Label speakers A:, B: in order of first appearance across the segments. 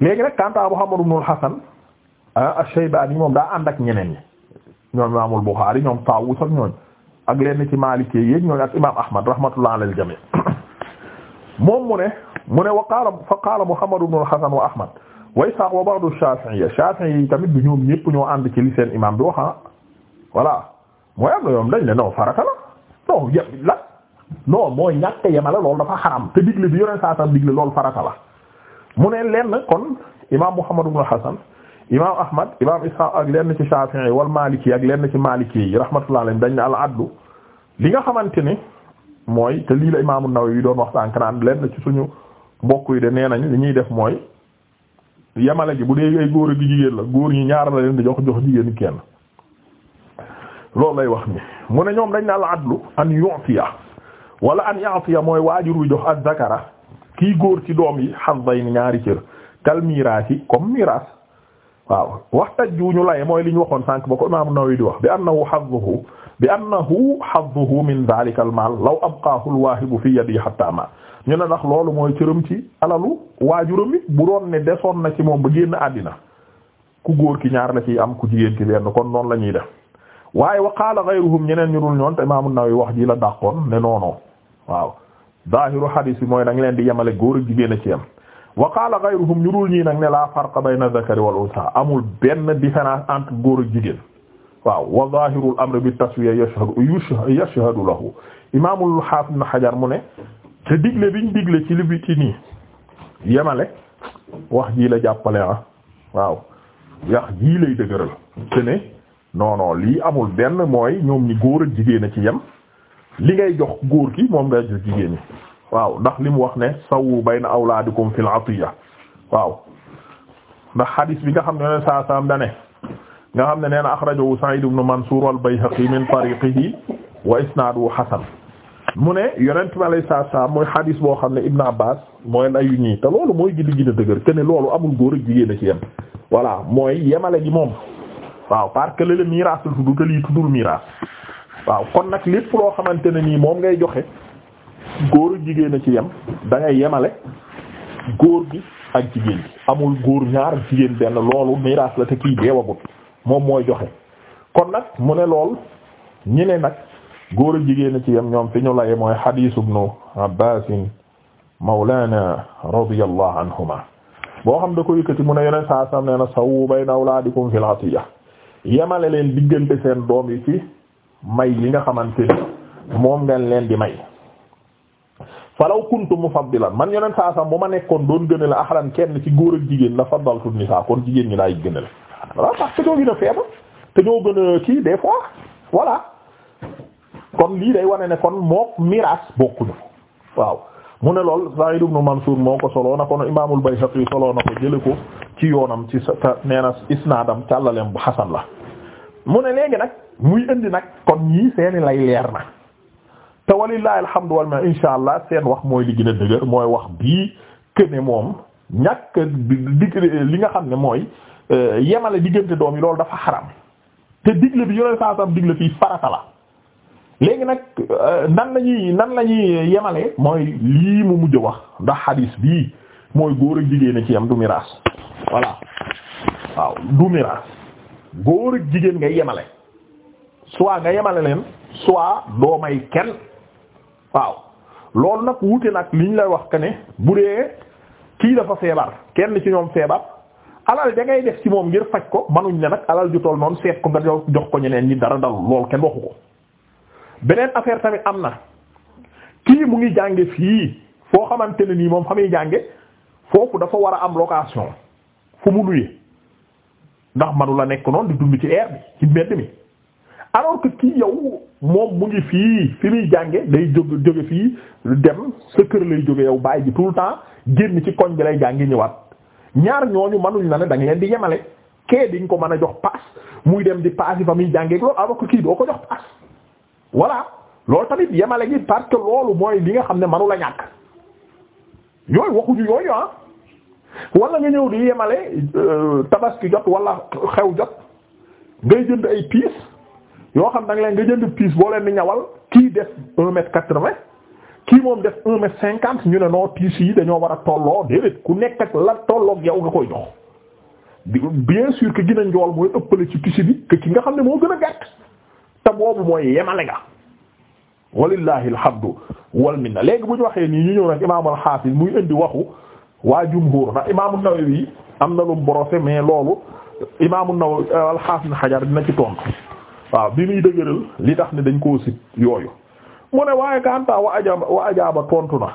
A: léegi nag kanta Muhammad ibn al-Hasan ah, ash-Shaybani moom daa ànd ak ñeneen ñi ñoom Imaamul Buxaari ñoom Taawus ak ñooñ ak lenn ci Maalikee yéeg ñooñ ak Imaam Ahmad rahmatullah alal jamii moom mu ne mu ne wa qaala fa qaala Muhammad ibn al-Hasan wa Ahmad wa Isaaq wa ba'du Shaafi'iyya Shaafi'i yi tamit du ñoom ñépp ñoo ànd ci li seen imaam bi wax ah. voilà mooy am na yoom dañ ne non farata la non yëpp la non mooy ñàkk dafa xaram te digle bi yoneen saa sax digle la. mu ne lenn kon imaam Muhammad ibn Hasan imaam Ahmad imaam Ishaq ak lenn ci Shafi'i wal Maliki ak lenn ci Maliki yi rahmatullahi alayhim dañ ne al addu li nga xamante ni mooy te lii la imaam An-Nawawi doon wax sànq naan lenn ci suñu mbokk yi de nee nañ li ñuy def mooy yemale gi bu dee ay góor gi jigéen la góor ñi ñaar la leen di jox jox jigéen ñi kenn. loolu lay wax ni mu ne ñoom dañ ne al adlu an yu'tiya wala an ya'tiya mooy waajur wi jox az-zakara kii góor ci doom yi hazzayn ñaari cër kal miraas yi comme miraas waaw waxta juuñu laye mooy li ñu waxoon sànq ba ko imaam Nawawi di wax bi annahu hazzuhu bi annahu hazzuhu min zaalika al maal law abqaahu al waahibu fi yadihi hatta ma ñu ne ndax loolu mooy cëram ci alalu waajuram bu doon ne desoon na ci moom ba génn àddina ku góor ki ñaari la ciy am ku jigéen ki benn kon noonu la ñuy def waaye wa qaala ghayruhum ñeneen ñu dul ñoon te imaam Nawawi wax ji la dàqoon ne noonoo waaw zahiru hadis bi mooy da leen di yemale góor ak jigéen a ci yem wa qaala ghayruhum ñu dul ñii nag ne la farqa bayna dhakari wal unsa amul benn différence entre góor ak jigéen waaw wa zahirul amri bi taswiya yashhadu yashhadu lahu imaamul haafid ibn hajar mu ne te digle biñ digle ci li biti nii yemale wax jii la jàppale ah waaw wax jii lay dëgëral te ne lii amul benn mooy ñoom ñi góor ak jigéen a ci yem li ngay jox góor ki moom ngay jox jigéen ñi waaw ndax li mu wax ne sawu bayna awlaadikum fil atiya waaw ndax hadis bi nga xam ne ne saa saam nga xam ne nee na axrajahu Sa'id ibn Mansur wal Bayhaqi min tariqihi wa isnaaduhu hasan mu ne yonent bi alayhi salaatu salaam mooy hadis boo xam ne Ibn Abbas mooy layu ñii te loolu mooy gidi gën a dëgër te loolu amul góor ak jigéen a yem voilà mooy yemale gi moom waaw parce que lele miraas la tudd te lii tuddul miraas waaw kon nag lépp loo xamante ne nii moom ngay joxe góor jigéen a ci yem dangay yemale góor gi ak jigéen gi amul góor ñaar jigéen benn loolu miraas la te kii deewagut moom mooy joxe kon nag mu ne lool ñi ne nag góor a jigéen a ci yem ñoom fi ñu laye mooy xadiis ibnu abbasin mawlana radiyallahu anhuma boo xam da ko yëkkati mu ne yeneen saa sam nee na sawu bayna awlaadikum fil atiya yemale leen diggante seen doom yi ci may yi nga xamante ni moom ngeen leen di may falaw kuntu mufaddilan man yoneen saa sam bu ma nekkoon doon gën a la ahlan kenn ci góor ak jigéen la faddaltu nisaa kon jigéen ñi laay gën a la voilà parce que ñoo gën a feebar te ñoo gën a kii des fois voilà kon lii day wane ne kon mook miraas bokkuñu waaw mu ne lool Sa'id ibn Mansur moo ko soloo na kon Imaamul Bayhaqi soloo na ko jële ko ci yoonam ci sa nee na isnaadam càllaleem bu xasan la mu ne léegi nag muy indi nag kon ñii seeni lay leer na te walillahi alhamdu wal minna insha allah seen wax mooy li gën dëgër mooy wax bii këne moom di li nga xam ne mooy euh, yemale diggante doom yi loolu dafa xaram te digle bi yoneen saa sam digle fii farata la léegi nag euh, nan lañuy nan lañuy yemale mooy lii mu mujj wax ndax xadiis bii mooy góor ak jigéen a ci yam du miraas voilà waaw du miraas góor ak jigéen ngay yemale soit nga yemale leen soit doo may kenn waaw loolu nag wuute nag li ñu lay wax que ne bu dee kii dafa feebar kenn ci ñoom feebar alal da ngay def ci moom ngir faj ko manuñ ne nag alal ju toll noonu seet ko nga jox ko ñeneen ñi dara dalul loolu kenn waxu ko beneen affaire tamit am na kii mu ngi jànge fii foo xamante ne nii moom fa muy jànge foofu dafa war a am location fu mu luye ndax manu la nekk noonu di dund ci air bi ci mbedd mi alors que kii yow moom mu ngi fii fi muy jànge day jóg jóge fii dem sa kër lay jóge yow bàyyi ji tout le temps génn ci koñ bi lay jàngi ñëwaat ñaar ñooñu mënuñ la ne da nga leen di yemale kee diñ ko mën a jox paas muy dem di paas yi fa muy jàngeeg loolu alors que kii doo ko jox paas voilà loolu tamit yemale gi parce que loolu mooy li nga xam ne mënu la ñàkk yooyu waxuñu yooyu ah wala nga ñëw di yemale euh, tabaski jot walla xew jot ngay jënd ay piis yoo xam da nga leen nga jënd piis boo leen ni ñawal kii def un mètre quatre-vingt kii moom def un mètre cinquante ñu ne noo piis yi dañoo war a tolloo déedéet ku nekk ak la tolloog yow nga koy jox bien sûr que gën a njool mooy ëppale ci tissu bi que ki nga xam ne moo gën a gàtt te boobu mooy yemale nga walillahi alhamdu wal minna léegi bu ñu waxee nii ñu ñëw nag imaam al-Hafiz muy indi waxu waa jumhur ndax imaam an-Nawawi am na lu borosé mais loolu imaam an-Nawawi al-Hafiz Hajar dina ci tontu waaw bi muy dëgëral li tax ne dañ koo sit yooyu mu ne waaye kanta wa ajaaba wa ajaaba tontu na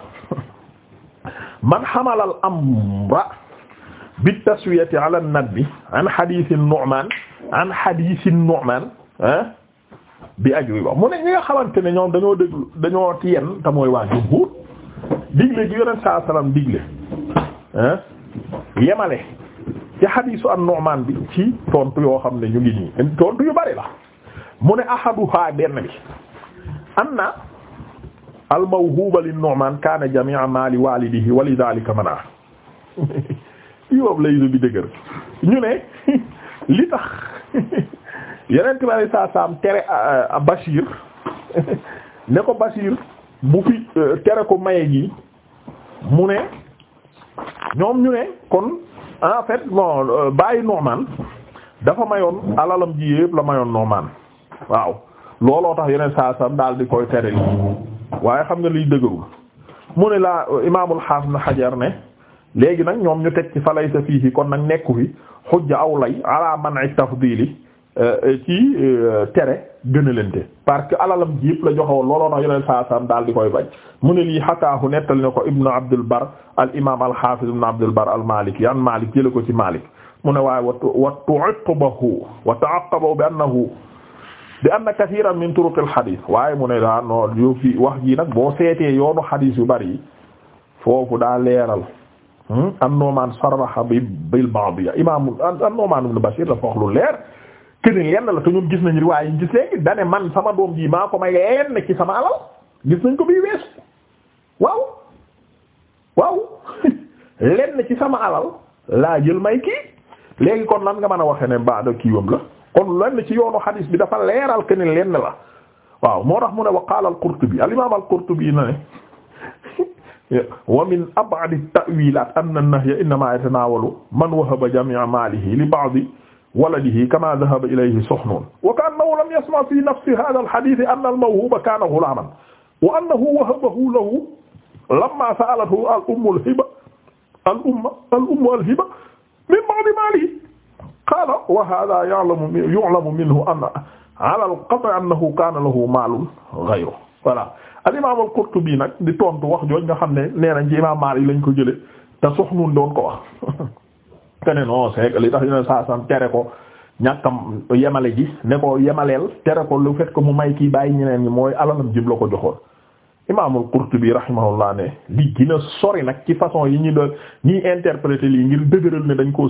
A: man xamalal amra bi taswiyati ala an-nabi an hadith an an hadith an-nu'man ah bi ajwiba mu ne ñi xamante ne ñoom dañoo déglu dañoo tiyen te mooy waa jumhur digle gi yonent saa salaam digle yemale ci hadisu an-nu'man bi ci tontu yoo xam ne ñu ngi nii tontu yu bari la mu ne ahaduha benn bi anna al mawhuba lin nu'man kana jami'a mali walidihi wa lidhalika mana kii boobu lay bi dëgër ñu ne li tax yeneen tubaab saa saam tere euh, Bachir ne ko Bachir bu fi euh, tere ko maye gi mu ne ñoom ñu ne kon en fait bon euh, bàyyi dafa mayoon alalam ji yëpp la mayoon Noomaan waaw looloo tax yeneen saa daal di koy tere li waaye xam nga liy dëgërul mu ne laa imaamul xaas na xajar ne léegi nag ñoom ñu teg ci fa laysa fiihi kon nag nekku fi xujja aw lay ala man'i tafdili eh, eh, ci eh, tere gënalante parce que alalam ji yëpp la joxewoon looloo tax yeneen saa sam daal di koy bañ mu ne lii xakaahu nettali na ko ibnu abdul bar al imaam al xaafiz ibnu abdul bar al maaliki an maalik jële ko ci maalik mu ne waaye wa wa tu'aqqibahu wa ta'aqqabahu bi annahu di anna kathiran min turuqil xadis waaye mu ne daa no yow fi wax ji nag boo seetee yoonu xadis yu bari yi foofu daa leeral hmm? an-Nu'man sarraha bi bil ba'diyya imam an-Nu'man ibn Bashir lu leer këni lenn la te ñun gis nañ riwaay yi gis léegi dane man sama doom ji maa ko may yenn ci sama alal gis nañ ko bii weesu waaw waaw lenn ci sama alal laa jël may kii léegi kon lan nga mën a waxee ne baado kiiwam la kon lenn ci yoonu xadis bi dafa leeral que ne lenn la waaw moo tax mu ne wa qaala al-Qurtubi al-imaam al-Qurtubi na ne wa min ab'ad at-ta'wilat anna an-nahya innama yatanawalu man wahaba jami'a malihi li ba'di waladihi kama dhahaba ilayhi Sukhnun wa ka'annahu lam yasma' fi nafsi hadha al-hadith anna al-mawhuba kana ghulaman wa annahu wahabahu lahu lamma sa'alathu al-ummu al-hiba al-umma al-ummu al-hiba min ba'di malihi qaala wa haadaa ya'lamu yu'lamu minhu anna ala al-qat' annahu kaana lahu maalun ghayru voilà al-imaam al-Qurtubi nag di tontu wax jooj nga xam ne nee nañ ci imaam Maalik lañ ko jëlee te Suxnuun doon ko wax. te ne non c'est que li tax ñu saa sam tere ko ñàkkam yemale ji ne ko yemaleel tere ko lu fekk mu may kii bàyyi ñeneen ñi mooy alalam jib la ko joxoon. imaamul Qurtubi rahimahullah ne li gën a sori nag ci façon yi ñu doon nii interpréter lii ngir dëgëral ne dañ koo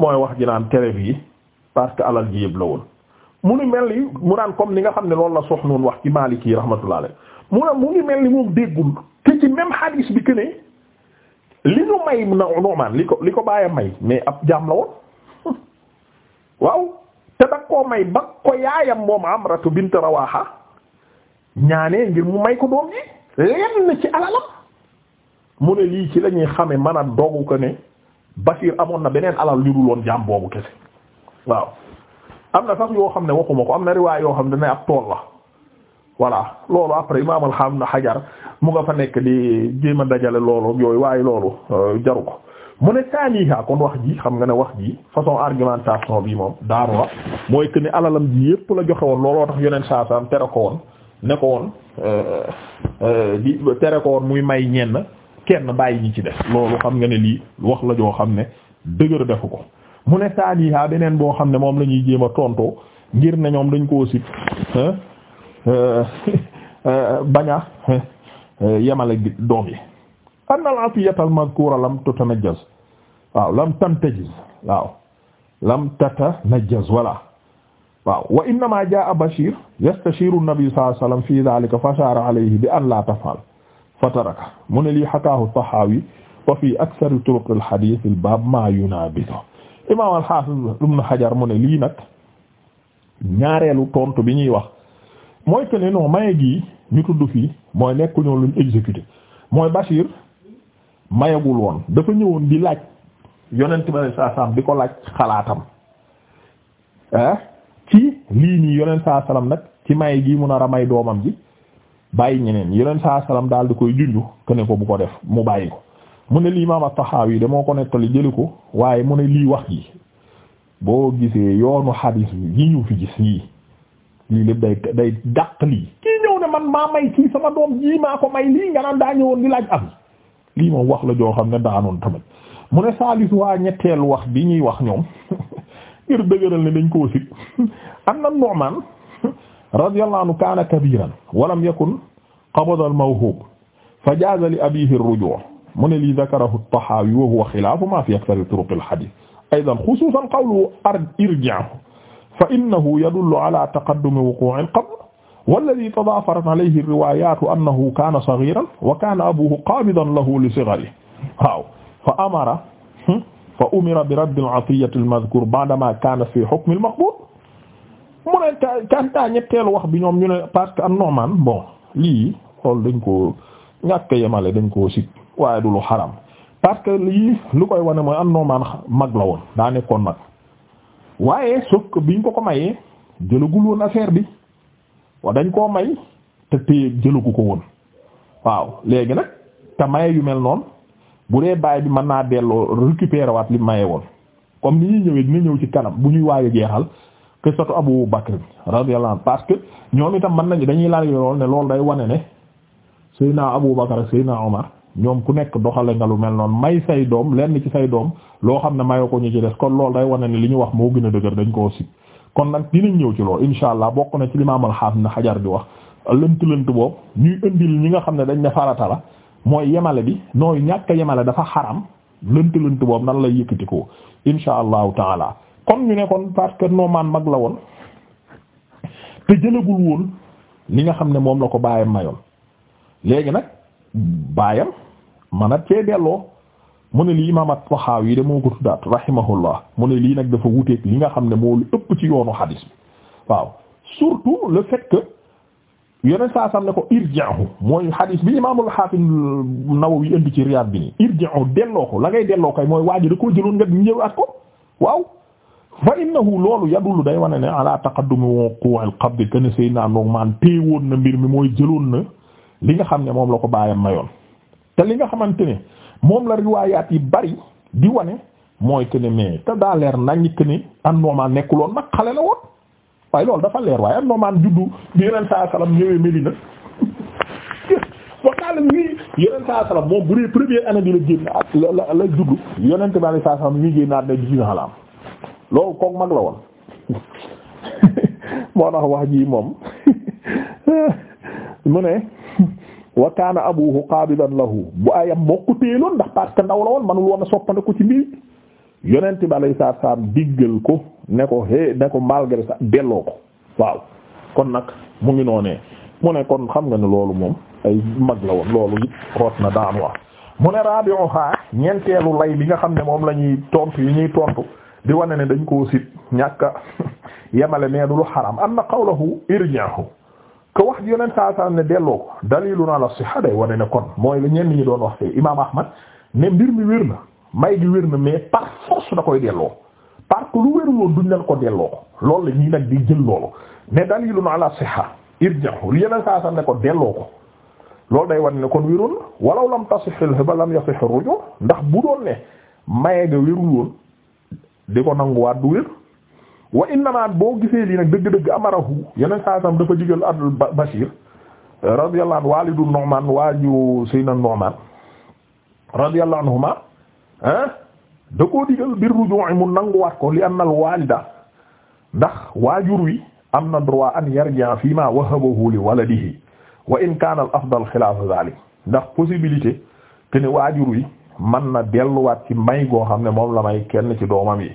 A: mooy wax ji naan tere yi parce que alal ji yëpp la woon mu ni mel ni mu naan comme ni nga xam ne loolu la sox noonu wax ci Maalik yi rahmatullah mu ne mu ngi mel ni moom déggul te ci même bi que li ñu may na Nu'maan li ko li ko bàyyi may mais ab jaam la woon waaw te da koo may ba ko yaayam moom am Amratu bint Rawaaha ñaanee ngir mu may ko doom ji lenn ci alalam mu ne lii ci lañuy ñuy xame mën a dogu ko ne. Bashir amoon na beneen alal lu dul woon jaam boobu kese waaw am na sax yoo xam ne waxuma ko am na riwaay yoo xam ne ab tool la voilà loolu après imaam alxam na xajar mu nga fa nekk di jéem a dajale loolu yooyu waaye loolu euh, jaru ko mu ne saaniha kon wax ji xam nga ne wax ji façon argumentation bi moom daanu la mooy que ni alalam ji yépp la joxe woon looloo tax yeneen saa tere ko woon ne ko woon euh, euh, di tere ko woon muy may ñenn. kenn bàyyi ñi ci def loolu xam nga ne lii wax la joo xam ne dëgër defu ko mu ne saaniha beneen boo xam ne moom la ñuy jéem a tontoo ngir ne ñoom dañ ko sib euh, euh, baña euh, yemale doom yi anna al-atiyata al lam tatanajjaz waaw lam tantajiz waaw lam tatanajjaz wala waaw wa innama jaa bashir yastashiru an-nabi sallallahu alayhi fi dhalika fashara alayhi bi an la fataraka mu ne lii xakaahu tahawi wa fi akthar turuq al hadith al bab ma yunabidu imam al hafiz ibn hajar mu ne lii nag ñaareelu tontu bi ñuy wax mooy que ne non maye gii ñu tudd fii mooy nekku ñoo luñ exécuté mooy Bachir mayagul woon dafa ñëwoon di laaj yonent bi saa di ko laaj xalaatam ah ci lii nii yonent saa nag ci maye gii mu nar may doomam ji bàyyi ñeneen yeneen saa salaam daal di koy junju que ko bu ko def mu bàyyi ko mu ne lii ma at-Tahawi de moo ko nettali jëli ko waaye mu ne lii wax yi boo gisee yoonu xadiis yi ñu fi gis yii lii lépp day day lii kii ñëw ne man maa may kii sama doom jii maa ko may lii nga naan daa ñëwoon di laaj am lii moom wax la joo xam ne daanoon tamit mu ne saalis waa ñetteelu wax bi ñuy wax ñoom ngir dëgëral ne dañ koo sit am na Nu'man radiyallahu anhu kaana kabiran walam yakun qabada al-mawhub fa jaaza li abiihi ar-rujuu' mu ne lii dakarahu at-Tahawi wa huwa xilaafu maa fi akthari turuq al-hadiis aydan xusuusan qawluhu irji'hu fa innahu yadullu ala taqaddumi wuquu'i al-qabr walladii tadaafarat alayhi ar-riwaayaatu annahu kaana saghiiran wa kaana abuuhu qaabidan lahu li sigharihi waaw fa amara hmm, fa umira bi raddi al-'atiyyati al-madhkuur ba'damaa kaana fii hukmi al-maqbuud mu ne kantaa ñetteelu wax bi ñoom ñu ne parce que am normal bon lii xool dañ koo ñàkk yemale dañ koo sit waaye du lu xaram parce que lii lu koy wane mooy am normal mag la woon daa nekkoon mag waaye sokk biñ ko ko mayee jëlagul woon affaire bi wa dañ koo may te téye jëlagu ko woon waaw léegi nag te maye yu mel noon bu dee baay bi mën naa delloo récupérer waat li maye woon comme ni ñuy ñëwee dina ñëw ci kanam bu ñuy waaye jeexal qissatu Abu Bakr radiyallahu anhu parce que ñoom itam mën nañu dañuy laal lool ne loolu day wane ne Seydina Abu Bakr Seydina Omar ñoom ku nekk doxale nga lu mel noonu may say doom lenn ci say doom loo xam ne mayoo ko ñu ci des kon loolu day wane ne li ñu wax moo gën a dëgër dañ koo sib kon nag dinañ ñëw ci loolu insha allah bokk na ci li Imaam al-Hafiz na Hajar di wax lënt-lënt boobu ñuy indil ñi nga xam ne dañ ne farata la mooy yemale bi nooy ñàkk yemale dafa xaram lënt-lënt boobu nan lay yëkkati ko insha allahu taala kon ñu ne kon parce que Nu'man mag la woon te jëlagul woon li nga xam ne moom la ko baayam mayoon léegi nag baayam manat fee delloo mu ne lii imaam at yi de moo ko tuddaat rahimahullah mu ne lii nag dafa wuteeg li nga xam ne moo lu ëpp ci yoonu xadis bi waaw surtout le fait que yeneen saa sam ne ko irji'hu mooy xadis bi imaamul xaafis Nawawi indi ci Riyaad bi nii irji'hu delloo ko la ngay delloo koy mooy waa ji da koo jëloon nga ñëwaat ko waaw fa innahu loolu yadullu day wane ne ala taqaddumi wuqu' al-qabd ken Seydina Nu'man téewoon na mbir mi mooy jëloon na li nga xam ne moom la ko baayam mayoon te li nga xamante ne moom la riwaayaat yi bari di wane mooy que ne mais te daa leer naññ que ne an-Nu'man nekkuloon nag xale la woon waaye loolu dafa leer waaye an-Nu'man juddu bi yeneen saa salaam ñëwee Medina waxtaan la ñuy yeneen saa salaam moom bu dee première année bi la génn ak la la la juddu yeneen tamit saa salaam ñu loolu koog mag la woon moo tax wax ji moom mu ne wa kaana abuhu qaabidan lahu bu ayam mbokku téeloon ndax parce ndaw la woon manul woon a soppandiku ci mbir yonent bi alayhi salaatu diggal ko ne ko hé ne ko malgré ça delloo ko waaw kon nag mu ngi noonee mu ne kon xam nga ne loolu moom ay mag la woon loolu root na daan waa mu ne rabi'uha ñeenteelu lay bi nga xam ne moom lañuy ñuy tontu yi ñuy tontu di wane ne dañ ko sit ñàkka yemale mais du lu xaram am na qawluhu irja'hu ko wax yonent saa saa ne delloo ko dalilun ala sihha day wane ne kon mooy la ñenn ñi doon wax fee imaam Ahmad ne mbir mi wér na may gi wér na mais par force da koy delloo parce que lu wéru loon duñ leen ko delloo ko loolu la ñuy nag di jël loolu mais dalilun ala sihha irja'hu li yonent ko delloo ko loolu day wane ne kon wérul walaw lam tasihil hiba lam yasih ruju ndax bu doon ne maye ga wérul di ko nanguwaat du wér wa boo gisee lii nag dëgg-dëgg amarahu yeneen saasam dafa digal Abdul Bashir radiyallahu anhu walidu Nu'man waaju Seydina Nu'man radiyallahu anhuma ah da digal bir ruju'i mu ko li anna al walida waajur wi am na droit an yarja fi ma wahabahu li waladihi wa in kaana al afdal xilaafa zalik ndax man na delluwaat ci may goo xam ne moom la may kenn ci doomam yi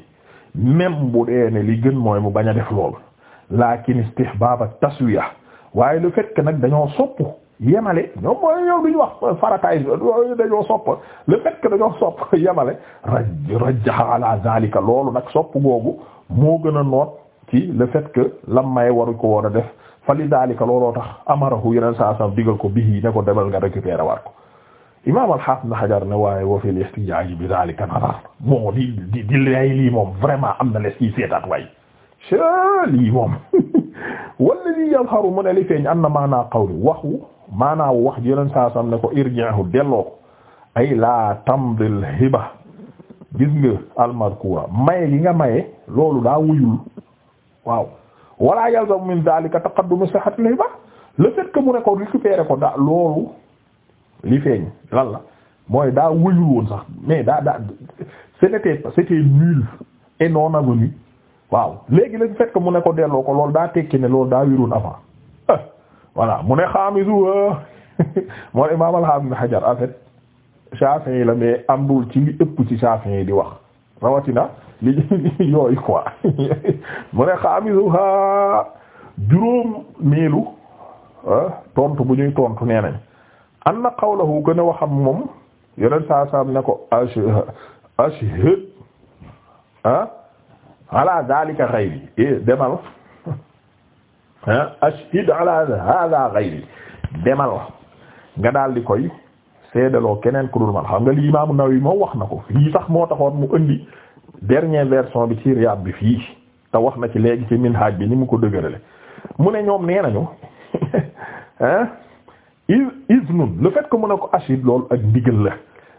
A: même bu dee ne li gën mooy mu bañ a def loolu lakin istihbab at-taswiya waaye lu fekk nag dañoo sopp yemale ñoom mooy yow duñu wax farataay dañoo sopp le fait raj rajjaha ala zalika loolu nag sopp googu moo gën a noot ci le fait que lam may waru ko woon a def fa li daalika looloo tax amarahu yeneen saa sam digal ko bihi ne ko demal nga récupérer war ko imaam al-Hafiz Ibn Hajar ne waaye wa fil istijaa'i bi zaalika nazar bon di di di lay lii moom vraiment am na les ci seetaat waay lii moom walladhi yadharu mu ne li feeñ anna maanaa qawli waxu maanaa wax yeneen saa ne ko irji'hu delloo ay laa tamdil hiba gis nga al-madkuura maye li nga maye loolu daa wuyul waaw wala yalzamu min zaalika taqaddumu sihhatil hiba le fait que mu ne ko récupérer ko da loolu. li feeñ lan la mooy daa wëyul woon sax mais daa daa c'était c'était nul et non avenu waaw léegi lañ fekk mu ne ko delloo ko loolu daa tekki ne loolu daa wiroon avant eh, voilà mu ne xaamisu eh, moo imam al-Hafiz Hajar en fait Shafi'i la mais amul ci li ëpp ci Shafi'i di wax rawatina li yooyu quoi mu ne xaamisu juróom meelu eh, tontu bu ñuy tontu nee na la qawlahu gën a wax waxam moom yeneen saa saam na ko ashhad ah ala zalika ghayri eh, demal ah ashhad ala hadha demal nga daal di koy seedaloo keneen ku dul man xam nga li imaamu yi moom wax na ko fii sax moo taxoon mu indi dernière version bi ci Riyad bi fii te wax na ci léegi ci minhaj bi ni mu ko dëgërale mu ne ñoom nee nañu ah. iznun le fait que mu ne ko ashid loolu ak ndigal la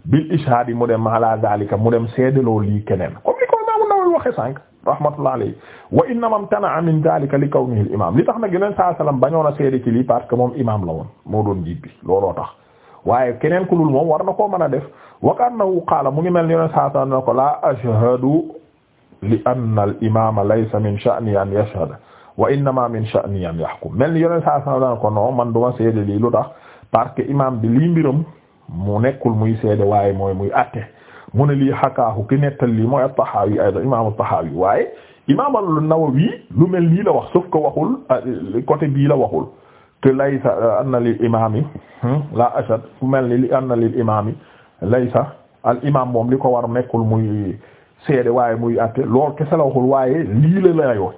A: bil ishaad yi mu dem ala zalika mu dem seedaloo lii keneen comme ni ko imaamu Nawawi waxe sànq rahmatullah alayhi wa innama imtana'a min zalika li kawnihi al imam li tax nag yeneen saa salaam bañoon a seede ci lii parce que moom imam la woon moo doon jiit bi looloo tax waaye keneen ku dul moom war na koo mën a def wa annahu qaala mu ngi mel ni yeneen saa salaam ne ko la ashhadu li anna al imama laysa min sha'ni an yashhada wa innama min sha'ni an mel ni yoneen saa daan ko non man duma seede lii lu tax parce que imam bi lii mbiram mu nekkul muy seede waaye mooy muy atte mu ne lii xakaahu ki nettal lii mooy at-Tahawi ayda imam at-Tahawi waaye imam an-Nawawi lu mel nii la wax sauf que waxul euh, côté bii la waxul te laysa euh, anna lil imami hmm, la ashad mel ni li anna lil imami laysa al imam moom li ko war nekkul muy seede waaye muy atte lool kese la waxul waaye lii la layoo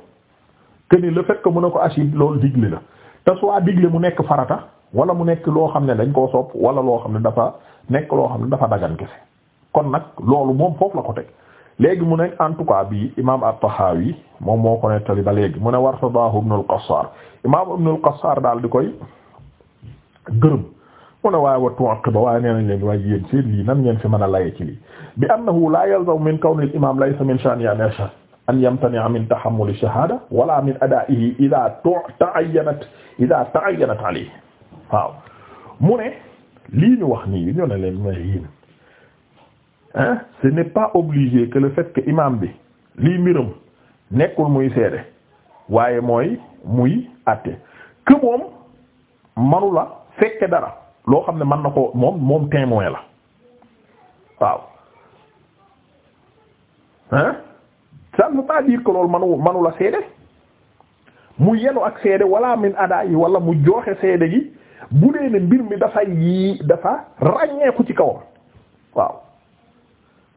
A: que ni le fait que mu a ko ashib loolu digle la te soit digle mu nekk farata wala mu nekk loo xam ne dañ koo sopp wala loo xam ne dafa nekk loo xam ne dafa dagan kese kon nag loolu moom foofu la ko teg léegi mu ne en tout cas bi imam at-Tahawi moom moo ko nettali ba léegi mu ne wartadaahu Ibn al-Qassar imam Ibn al-Qassar daal di koy gërëm mu ne waaye wa tu'aqiba waaye nee nañ leen waaye yéen seen lii nan ngeen fi mën a laye ci lii bi annahu la yalzamu min kawni al an yamtani'a min tahammuli shahada wala min adaa'ihi idaa ta'ayyanat idaa ta'ayyanat alayhi waaw mu ne lii ñu wax nii ñu ne leen ma yéen hein ce n'est pas obligé que le fait que bi lii mbiram nekkul muy seede waaye mooy muy àtte que moom manu la fekke dara loo xam ne mën na ko moom moom témoin la waaw hein ça ne veut pas dire manu manu la seede mu yenu ak seede wala min ada wala mu joxe seede gi bu dee ne mbir mi dafa yi dafa ràññeeku ci kawam waaw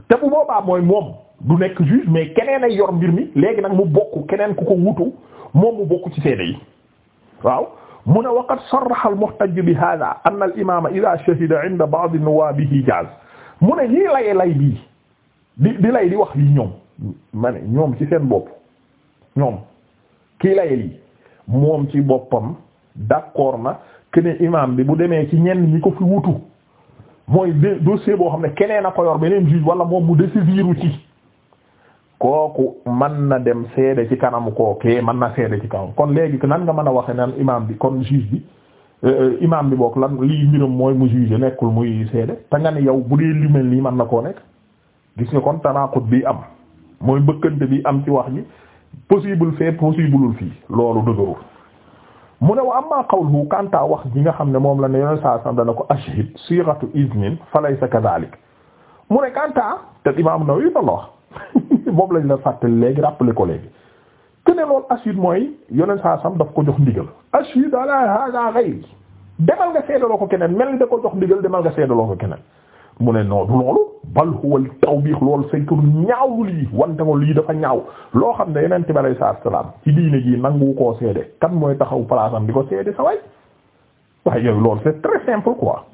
A: te bu boobaa mooy moom du nekk juge mais keneen ay yor mbir mi léegi nag mu bokk keneen ku ko wutu moom mu bokk ci seede yi waaw mu ne waqad sarraha al-muhtajj bi hadha anna al-imama idha shahida 'inda ba'd nuwaabihi jaaz mu ne ñii lay lay bii di lay di wax lii ñoom ma ne ñoom ci seen bopp ñoom kii layel yi moom ci boppam d'accord na kene imam bi bu demee ci ñenn ñi ko fi wutu mooy dossier boo xam ne keneen a ko yor beneen juge wala moom mu décidiru ci kooku man na dem seede ci kanamu kookee man na seede ci kanam kon léegi nan nga mën a waxe nan imam bi kon juge bi euh, euh, imam bi boog lan lii mbiram mooy mu juge nekkul muy seede te nga ne yow bu dee limel nii man na ko nekk gis nga kon tanaqut bi am mooy mbëkkante bi am ci wax ji possible fee possibleul fii loolu dëgërul mu ne wa amma qawluhu kanta wax ji nga xam ne moom la ne yoneen saa sam dana ko ashhid sighatu iznin fa laysa kadhalik mu ne kanta te imam Nawawi la wax boobu lañ la fàttali léegi rappelé ko léegi te ne loolu ashhid mooy yoneen saa sam daf ko jox ndigal ashhid ala hadha ghayri demal nga seedaloo ko keneen mel ni da ko jox ndigal demal nga seedaloo ko keneen mu ne non du loolu bal huwal tawbiix loolu saytu ñaawul yi wante ko lii dafa ñaaw loo xam ne yeneen tiberay saa salaam ci diine jii nangu koo seede kan mooy taxaw place am di ko seede sa waay waaye yooyu loolu c'est très simple quoi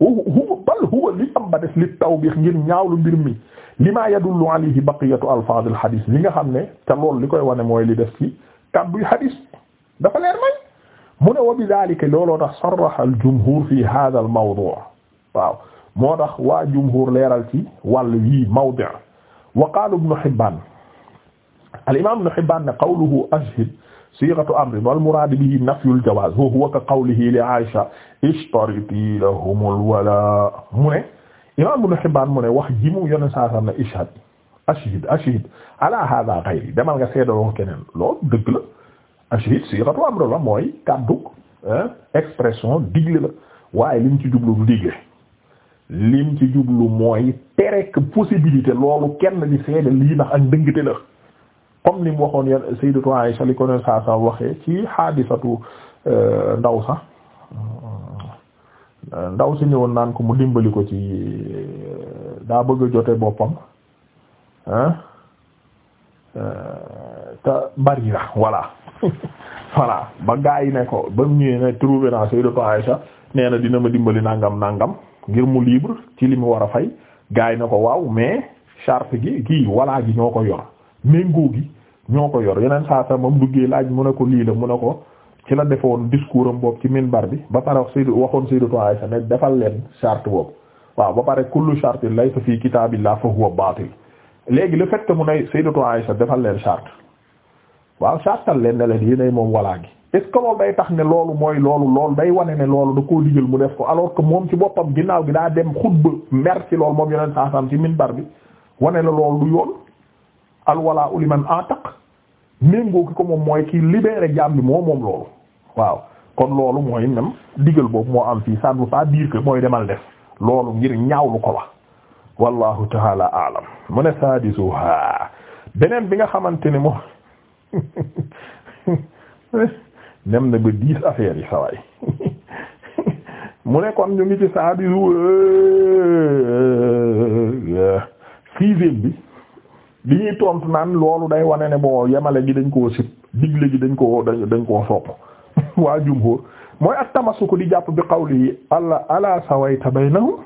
A: hu bal huwa li am ba des li tawbiix ngir ñaawlu mbir mi li maa yadullu alayhi baqiyatu alfaadil xadiis li nga xam ne te loolu li koy wane mooy li def ci kàdduy xadiis dafa leer may mu ne wa bi daalika looloo tax sarraxa al jumhuur fi haadal mawduu waaw. moo tax waa jumhur leeral ci wàll yii mawdi' wa qaala ibnu Hibbaan al imaam ibnu Hibbaan ne qawluhu ashhid sighatu amrin wal muraad bihi nafyul jawaaz wa huwa ka qawlihi li Aisha ishtariti lahumul walaa mu ne imaam ibnu Hibbaan mu ne wax ji mu yónnee saa saam ne ishhad ashhid ashhid ala haaza ghayri demal nga seedaloo keneen loolu dëgg la ashhid sighatu amrin la mooy kàddu expression digle la waaye li mu ci jublu du digle. lim ci jublu mooy tere que possibilité loolu kenn di seede lii ndax ak ndëngte la comme ni waxoon ya Sayyidatu Aisha li ko ne saa saa waxee ci xaadisatu euh, ndaw sax euh, ndaw si ñëwoon naan ko mu dimbali ko ci euh, daa bëgg a jote boppam ah te Barira voilà voilà ba gaa ne ko ba mu ñëwee ne trouvé naa Sayyidatu Aisha nee na dina ma dimbali nangam nangam. ngir mu libre ci li mu war a fay gars yi na ko waaw mais charte gi kii walaa gi ñoo ko yor méngoo gi ñoo ko yor yeneen saa sa moom duggee laaj mu ne ko lii la mu ne ko ci la defoon discours am boob ci bar bi ba pare Sayyidu waxoon Sayyidatu Aisha ne defal leen charte boob waaw ba pare kullu shartin laysa fii kitaabillah fa huwa baatil léegi le fait que mu ne Sayyidatu Aisha defal leen charte waaw chartal leen ne leen moom walaa gi est-ce loolu day tax ne loolu mooy loolu loolu day wane ne loolu da koo digal mu def ko alors que moom ci boppam ginnaaw gi daa dem xutba mer ci loolu moom yeneen saasam ci minbar bi wane la loolu du yoon alwala uliman ataq méngoo ki ko moom mooy ki libéré jaam moo moom loolu waaw kon loolu mooy même digal boobu moo am fii ça ne veut pas dire mooy demal def loolu ngir ñaawlu ko wax wallahu taala alam mu ne sadisuha beneen bi nga xamante ne moom dem na ba dix affaires yi saway mu ne kon ñu ngi ci saa di euh, euh, sixième bi bi ñuy tontu naan loolu day wane ne boo yemale gi dañ koo sib digle gi dañ koo dañ koo sopp waa jumhur mooy ak tamasu ko di jàpp bi qawli yi allah ala sawayta baynahum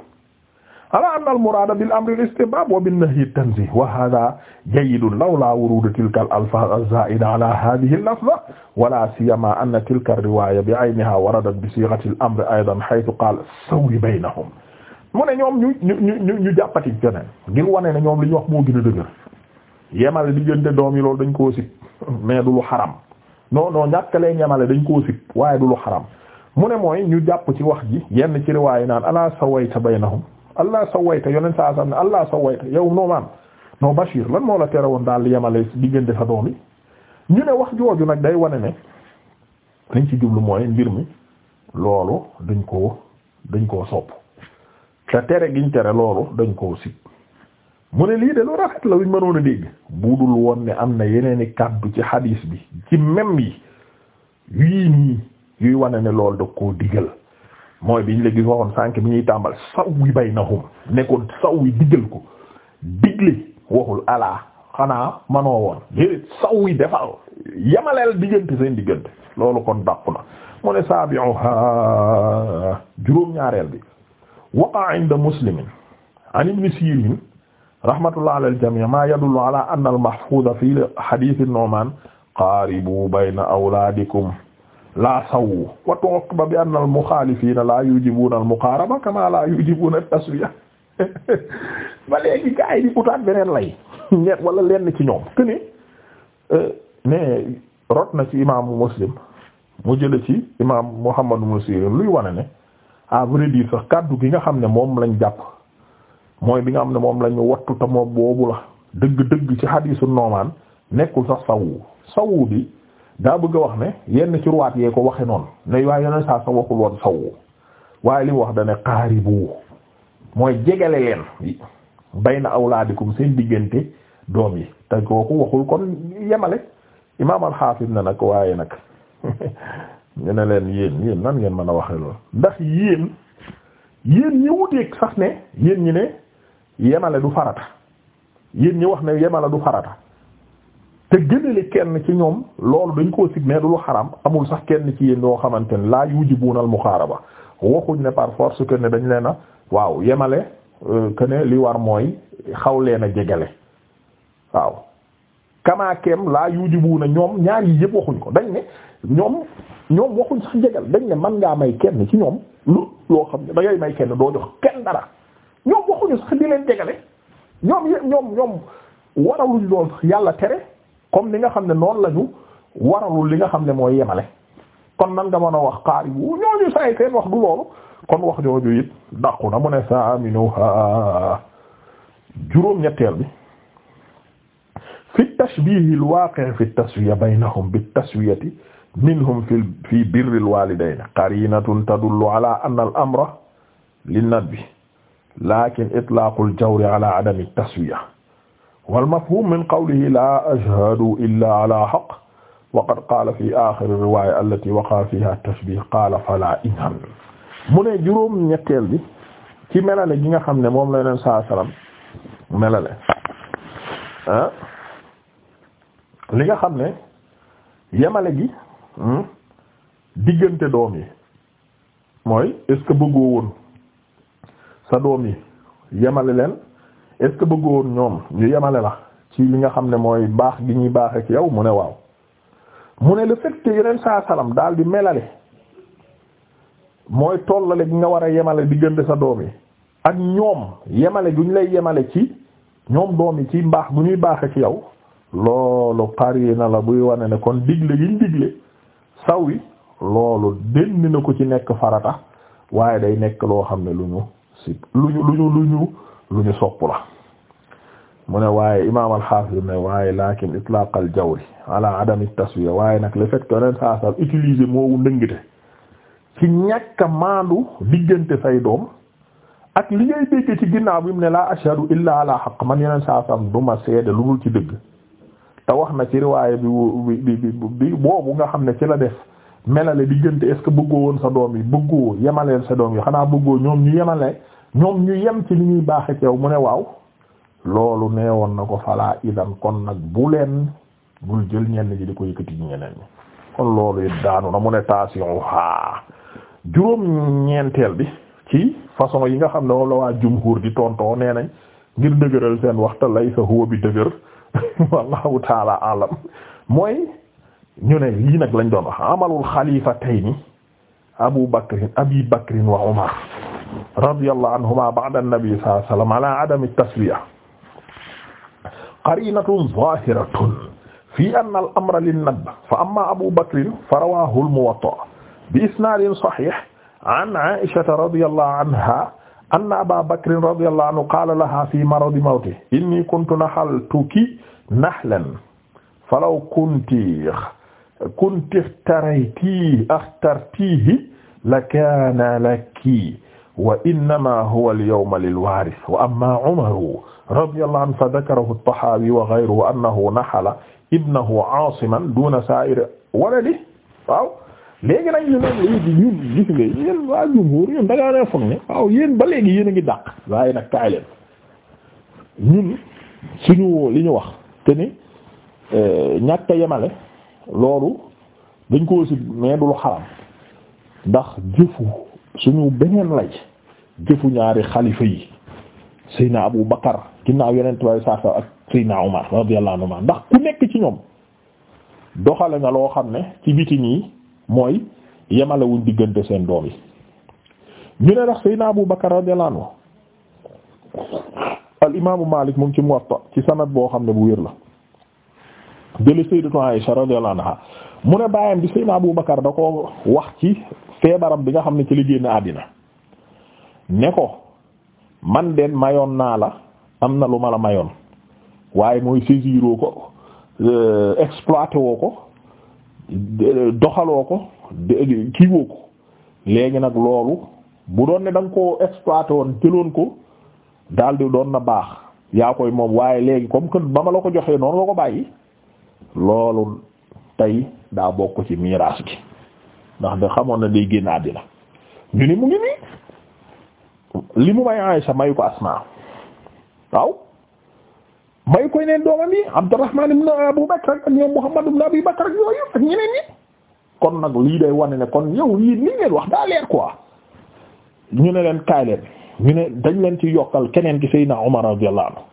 A: ala anna al muraada bil amri al istihbaab wa bin nahyi at tanziih wa haaza jayyidun lawlaa wuruudu tilka al alfaaz az-zaa'ida ala haadihi al lafza wa laa siyyamaa anna tilka riwaaya bi aynihaa waradat bi siighati al amri aydan haythu qaala sawwi baynahum mu ne ñoom ñu ñu ñu ñu jàppati keneen ngir wane ne ñoom li ñu wax moo gën a dëgër yemale diggante doom yi loolu dañ koo sib mais du lu xaram non non ñàkk leen yemale dañ koo sib waaye du lu xaram mu ne mooy ñu jàpp ci wax ji yenn ci riwaaya naan ala sawayta baynahum allah sawayta yoneen saa sam ne allah sawayta yow noomaan non Bachir lan moo la tere woon daal yemale diggante sa doom yi ñu ne wax jooju nag day wane ne dañ ci jublu mooy mbir mi loolu dañ koo dañ koo sopp te tere giñ tere loolu dañ koo sib mu ne lii de lu rafet la luñ mënoon a dégg budul woon ne am na yeneen i kàddu ci xadiis bi ci même yi yii nii yuy wane ne loolu da koo digal mooy biñ la gis waxoon sànq bi ñuy tàmbal sawwi baynahum nekkoon sawwi diggal ko digle waxul alaa xanaa manoo woon déedéet sawwi defal yamaleel diggante seen diggante loolu kon dàqu na mu ne sabi'uha bi waqa inda muslimin an ibn sirin rahmatullah ala aljami ma yadullu ala anna al fi hadith an qaribu bayna awladikum laa sawu wa tuqba bi anna al muxaalifiina laa yujibuuna al muqaaraba kamaa laa yujibuuna al taswiya ba léegi gaa yi di utaat beneen lay ñett wala lenn ci ñoom que ne euh, rot na ci imaamu muslim mu jële ci imaam Muhammad ibn Sirin luy wane ne à vrai dire sax kaddu gi nga xam ne moom lañ jàpp mooy bi nga xam ne moom lañu wattu ta boobu la dëgg-dëgg ci hadiisu noomaan nekkul sax sawu sawu bi. daa bëgg a wax ne yenn ci ruwaat yee ko waxe noonu ne waaye yeneen saa sa waxul woon sawwu waaye li wax da ne qaaribu mooy jegale leen bayna awlaadikum seen diggante doom yi te kooku waxul kon yemale imaam al na nag waaye nag ñu ne leen yéen yéen nan ngeen mën a waxe loolu ndax yéen yéen ñi wuteeg sax ne yéen ñi ne yemale du farata yéen ñi wax ne yemale du farata te gënale kenn ci ñoom loolu dañ koo sib mais du lu xaram amul sax kenn ci yéen yoo xamante ne laa yujibuunal muxaaraba waxuñ ne par force que ne dañ leen waaw yemale euh, que li war mooy xaw leen a jegale waaw kamaakeem laa yujibuuna ñoom ñaar yi yëpp waxuñ ko dañ ne ñoom ñoom waxuñ sax jegal dañ ne man ngaa may kenn ci ñoom lu loo xam ne da ngay may kenn doo jox kenn dara ñoom waxuñu sax di leen jegale ñoom ñoom waraluñ lool sax yàlla tere comme li nga xam ne noonu la ñu waralul li nga xam ne mooy yemale kon nan nga mën a wax xaari bu ñooñu say seen wax du loolu kon wax jooju it dàqu na mu ne sa aminuha juróom-ñetteel bi fi tashbihi alwaqi' fi taswiya baynahum bit taswiyati minhum fi fi birri alwalidayn qarinatun tadullu ala anna al amra lin nadbi lakin itlaqu al jawri ala adami at taswiya wal mafhum min qawlihi la ashhadu illa ala haqq wa qad qaala fi aaxir riwaaya allati waqa'a fiha tashbih qaala fala idhan mu ne juróom ñetteel bi ci melale gi nga xam ne moom la yeneen saa salaam melale ah li nga xam ne yemale gi hmm, diggante doom yi mooy est-ce que bëggoo woon sa doom yi yemale leen. est-ce que bëggoon ñoom ñu yemale la ci li nga xam ne mooy baax gi ñuy baax ak yow mu ne waaw mu ne le fait que yeneen saa salaam daal di melale mooy tollale gi nga war a yemale diggante sa doom yi ak ñoom yemale gu ñu lay yemale ci ñoom doom yi ci mbaax bu ñuy baax ak yow loolu pari na la buy wane ne kon digle yiñ digle saw wi loolu dënd na ko ci nekk farata waaye day nekk loo xam ne lu lu ñu lu ñu lu ñu lu ñu sopp la mu ne waaye imaam al-Hafiz ne waaye lakin itlaq al-jawri ala waaye nag le fait que ren saa saa utiliser moowu ci ñàkk maandu diggante say doom ak li ngay dégg ci ginnaaw bi mu ne laa ashhadu illa ala haqq man yeneen saa saa du ma lu dul ci dëgg te wax na ci riwaaya bi bi bi boobu nga xam ne ci la def melale diggante est ce que bëggoo woon sa doom yi bëggoo yemaleel sa doom yi xanaa bëggoo ñoom ñu yemale. ñoom ñu yem ci li ñuy baaxe ci yow mu ne waaw loolu nee woon na ko falaa idan kon nag bu leen bul jël ñenn ji di ko yëkkati ci ñeneen ñi kon loolu it daanu na mu ne taasiyon haa juróom ñeenteel bi ci façon yi nga xam ne wala waa jumhur di tontoo nee nañ ngir dëgëral seen waxta lay sa huwa bi dëgër wallahu taala alam mooy ñu ne lii nag lañ doon wax amalul xalifa tey ni abu bakrin abi bakrin wa radiyallahu anhuma ba'da an-nabi sallallahu alayhi wa sallam ala adami at-taswiya qarinatun zahiratun fi anna al-amra lin-nadb fa amma Abu Bakr fa rawahu al-Muwatta bi isnadin sahih an Aisha radiyallahu anha anna Aba Bakr radiyallahu anhu qala laha fi maradi mawtihi inni kuntu nahaltuki nahlan falaw kunti kunti ikhtaraytihi ikhtartihi lakana laki wa innama huwa al-yawma lil-waaris wa amma Umaru radiyallahu anhu fadakarahu at-Tahawi wa ghayruhu annahu nahala ibnahu aasiman duuna saa'iri waladihi waaw léegi nag ñu ne léegi ñun gis nga yéen waa jumhuur ñun da ngaa foog ne waaw yéen ba léegi yéen a ngi dàq waaye nag kaay leen ñun suñu li ñu wax te ni euh, ñàkk a yemale loolu dañ ko si mais du lu xaram ndax jëfu suñu beneen lay jëfu ñaari xalifa yi Seydina Abu Bakar ginnaaw yeneen tubaab saa saa ak Seydina Umar radiyallahu anhu ndax ku nekk ci ñoom doxale nga loo xam ne ci biti nii mooy yemalewuñ diggante seen doom yi ñu ne ndax Seydina Abu Bakar radiyallahu anhu al imaamu Maalik mu ngi ci Muwatta ci sanad boo xam ne bu wér la jële Sayyidatu Aisha radiyallahu anha mu ne Abu Bakar da ko wax ci feebaram bi nga xam ne ci li génn àddina ne ko man den mayoon naa la am na lu ma la mayoon waaye mooy saisiroo ko euh, exploité woo ko doxaloo ko kiiwoo ko léegi nag loolu bu doon ne da nga koo exploité woon jëloon ko daldi doon na baax yaa koy moom waaye léegi comme que ba ma la ko joxee noonu la ko bàyyi loolu tey daa bokk ci miraas gi ndax da xamoon na day génn àddina ñu ni mu ngi nii li mu may Aysa mayu ko Asmaa waaw mayu koy neen doomam yi Abdurrahman ibn Abu Bakr ak ñoom Muhammad ibn Abi Bakr yooyu ak ñeneen ñi kon nag lii day wane ne kon ñëw lii nii wax daa leer quoi ñu ne leen kaay leen ñu ne dañ leen ci yokkal keneen ki Seydina Umar radiyallahu anhu